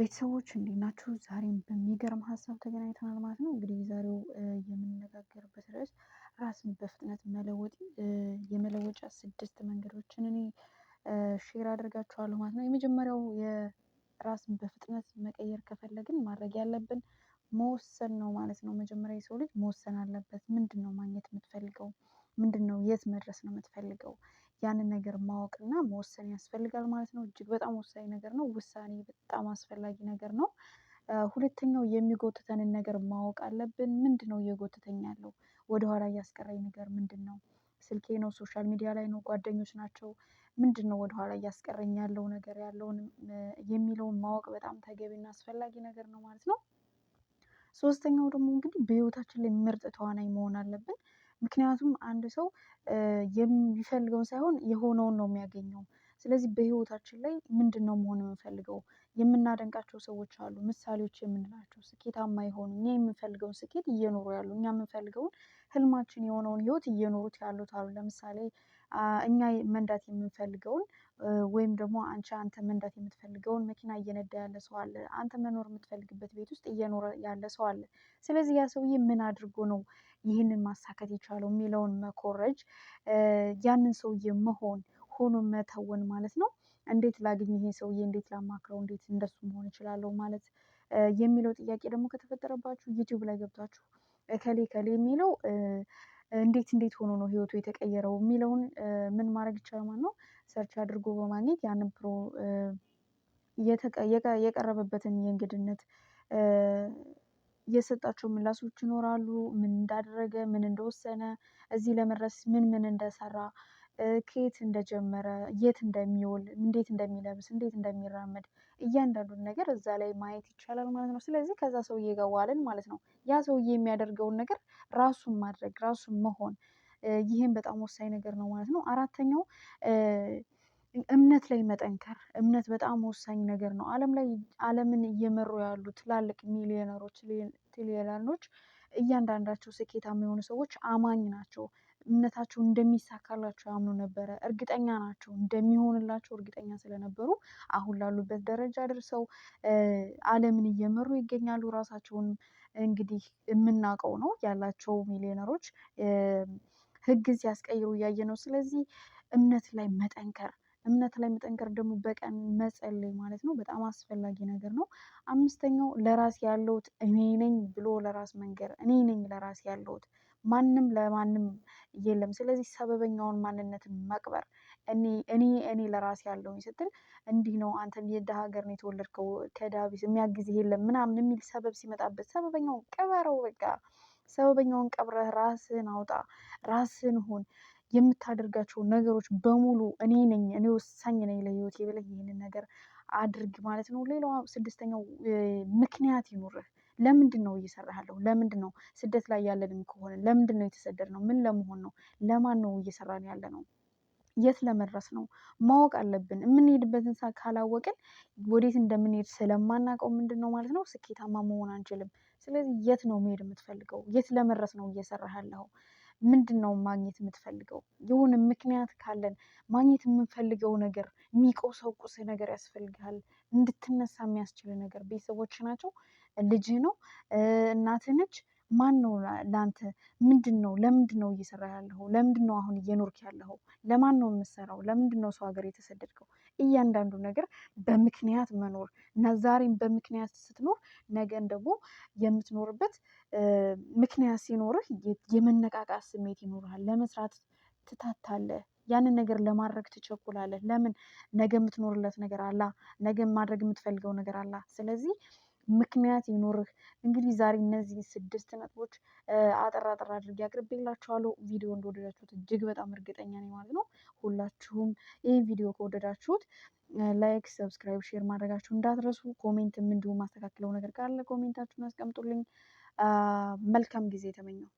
ቤተሰቦች እንዴት ናችሁ? ዛሬም በሚገርም ሀሳብ ተገናኝተናል ማለት ነው። እንግዲህ ዛሬው የምንነጋገርበት ርዕስ ራስን በፍጥነት መለወጥ የመለወጫ ስድስት መንገዶችን እኔ ሼር አደርጋችኋለሁ ማለት ነው። የመጀመሪያው የራስን በፍጥነት መቀየር ከፈለግን ማድረግ ያለብን መወሰን ነው ማለት ነው። መጀመሪያ የሰው ልጅ መወሰን አለበት ምንድን ነው ማግኘት የምትፈልገው? ምንድነው የት መድረስ ነው የምትፈልገው? ያንን ነገር ማወቅ እና መወሰን ያስፈልጋል ማለት ነው። እጅግ በጣም ወሳኝ ነገር ነው ውሳኔ በጣም አስፈላጊ ነገር ነው። ሁለተኛው የሚጎትተንን ነገር ማወቅ አለብን ነው እየጎተተኝ ያለው ወደኋላ እያስቀረኝ ነገር ነው? ስልኬ ነው ሶሻል ሚዲያ ላይ ነው ጓደኞች ናቸው። ምንድነው ወደኋላ እያስቀረኝ ያለው ነገር ያለውን የሚለውን ማወቅ በጣም ተገቢና አስፈላጊ ነገር ነው ማለት ነው። ሶስተኛው ደግሞ እንግዲህ በህይወታችን ላይ ምርጥ ተዋናይ መሆን አለብን ምክንያቱም አንድ ሰው የሚፈልገውን ሳይሆን የሆነውን ነው የሚያገኘው። ስለዚህ በህይወታችን ላይ ምንድነው መሆን የምንፈልገው? የምናደንቃቸው ሰዎች አሉ ምሳሌዎች የምንላቸው ስኬታማ የሆኑ እኛ የምንፈልገውን ስኬት እየኖሩ ያሉ እኛ የምንፈልገውን ህልማችን የሆነውን ህይወት እየኖሩት ያሉት አሉ። ለምሳሌ እኛ መንዳት የምንፈልገውን ወይም ደግሞ አንቺ አንተ መንዳት የምትፈልገውን መኪና እየነዳ ያለ ሰው አለ አንተ መኖር የምትፈልግበት ቤት ውስጥ እየኖረ ያለ ሰው አለ። ስለዚህ ያ ሰውዬ ምን አድርጎ ነው ይህንን ማሳከት የቻለው የሚለውን መኮረጅ ያንን ሰውዬ መሆን ሆኖ መተወን ማለት ነው። እንዴት ላግኝ ይህ ሰውዬ እንዴት ላማክረው እንዴት እንደሱ መሆን እችላለሁ ማለት የሚለው ጥያቄ ደግሞ ከተፈጠረባችሁ ዩቲዩብ ላይ ገብታችሁ እከሌ እከሌ የሚለው እንዴት እንዴት ሆኖ ነው ህይወቱ የተቀየረው የሚለውን ምን ማድረግ ይቻላል ማለት ነው። ሰርች አድርጎ በማግኘት ያንን ፕሮ የቀረበበትን የእንግድነት እየሰጣቸው ምላሾች ይኖራሉ። ምን እንዳደረገ ምን እንደወሰነ እዚህ ለመድረስ ምን ምን እንደሰራ ከየት እንደጀመረ የት እንደሚውል እንዴት እንደሚለብስ እንዴት እንደሚራመድ እያንዳንዱን ነገር እዛ ላይ ማየት ይቻላል ማለት ነው። ስለዚህ ከዛ ሰውዬ ጋር ዋልን ማለት ነው። ያ ሰውዬ የሚያደርገውን ነገር ራሱን ማድረግ ራሱን መሆን ይህም በጣም ወሳኝ ነገር ነው ማለት ነው። አራተኛው እምነት ላይ መጠንከር እምነት በጣም ወሳኝ ነገር ነው። አለም ላይ አለምን እየመሩ ያሉ ትላልቅ ሚሊዮነሮች ትሪሊየነሮች እያንዳንዳቸው ስኬታማ የሆኑ ሰዎች አማኝ ናቸው። እምነታቸው እንደሚሳካላቸው ያምኑ ነበረ እርግጠኛ ናቸው እንደሚሆንላቸው እርግጠኛ ስለነበሩ አሁን ላሉበት ደረጃ ደርሰው አለምን እየመሩ ይገኛሉ። ራሳቸውን እንግዲህ የምናውቀው ነው ያላቸው ሚሊዮነሮች ህግን ሲያስቀይሩ እያየ ነው። ስለዚህ እምነት ላይ መጠንከር እምነት ላይ መጠንከር ደግሞ በቀን መጸለይ ማለት ነው በጣም አስፈላጊ ነገር ነው። አምስተኛው ለራስ ያለውት እኔ ነኝ ብሎ ለራስ መንገር እኔ ነኝ ለራስ ያለውት ማንም ለማንም የለም ስለዚህ ሰበበኛውን ማንነትን መቅበር እኔ እኔ እኔ ለራሴ ስትል እንዲህ ነው አንተ የደ ሀገር ነው የተወለድከው ከዳቢስ የሚያግዝ የለም ምናምን የሚል ሰበብ ሲመጣበት ሰበበኛውን ቅበረው በቃ ሰበበኛውን ቀብረህ ራስህን አውጣ ራስህን ሁን የምታደርጋቸው ነገሮች በሙሉ እኔ ነኝ እኔ ወሳኝ ነኝ ለህይወቴ ብለህ ይህንን ነገር አድርግ ማለት ነው። ሌላዋ ስድስተኛው ምክንያት ይኑርህ። ለምንድን ነው እየሰራለሁ? ለምንድን ነው ስደት ላይ ያለንም ከሆነ ለምንድን ነው ነው? ምን ለመሆን ነው? ለማን ነው እየሰራን ያለነው? የት ለመድረስ ነው? ማወቅ አለብን። የምንሄድበትን ካላወቅን ወዴት እንደምንሄድ ስለማናውቀው ምንድን ነው ማለት ነው ስኬታማ መሆን አንችልም። ስለዚህ የት ነው መሄድ የምትፈልገው? የት ለመድረስ ነው እየሰራህ ያለኸው? ምንድን ነው ማግኘት የምትፈልገው? የሆነ ምክንያት ካለን ማግኘት የምንፈልገው ነገር የሚቆሰቁስ ነገር ያስፈልግሃል። እንድትነሳ የሚያስችል ነገር ቤተሰቦች ናቸው፣ ልጅ ነው፣ እናት ነች። ማን ነው ላንተ ነው ለምንድነው እየሰራህ ያለኸው? ለምንድነው አሁን እየኖርክ ያለው ለማን ነው የምትሰራው? ለምንድነው ሰው ሀገር የተሰደድከው? እያንዳንዱ ነገር በምክንያት መኖር እና ዛሬም በምክንያት ስትኖር ነገን ደግሞ የምትኖርበት ምክንያት ሲኖርህ የመነቃቃት ስሜት ይኖርሃል። ለመስራት ትታታለህ። ያንን ነገር ለማድረግ ትቸኩላለህ። ለምን ነገ የምትኖርለት ነገር አላ ነገ ማድረግ የምትፈልገው ነገር አላ ስለዚህ ምክንያት ይኖርህ። እንግዲህ ዛሬ እነዚህ ስድስት ነጥቦች አጠር አጠር አድርጌ አቅርቤላችኋለሁ። ቪዲዮ እንደወደዳችሁት እጅግ በጣም እርግጠኛ ነኝ ማለት ነው። ሁላችሁም ይህን ቪዲዮ ከወደዳችሁት ላይክ፣ ሰብስክራይብ፣ ሼር ማድረጋችሁ እንዳትረሱ። ኮሜንትም እንዲሁ ማስተካከለው ነገር ካለ ኮሜንታችሁን አስቀምጡልኝ። መልካም ጊዜ ተመኘው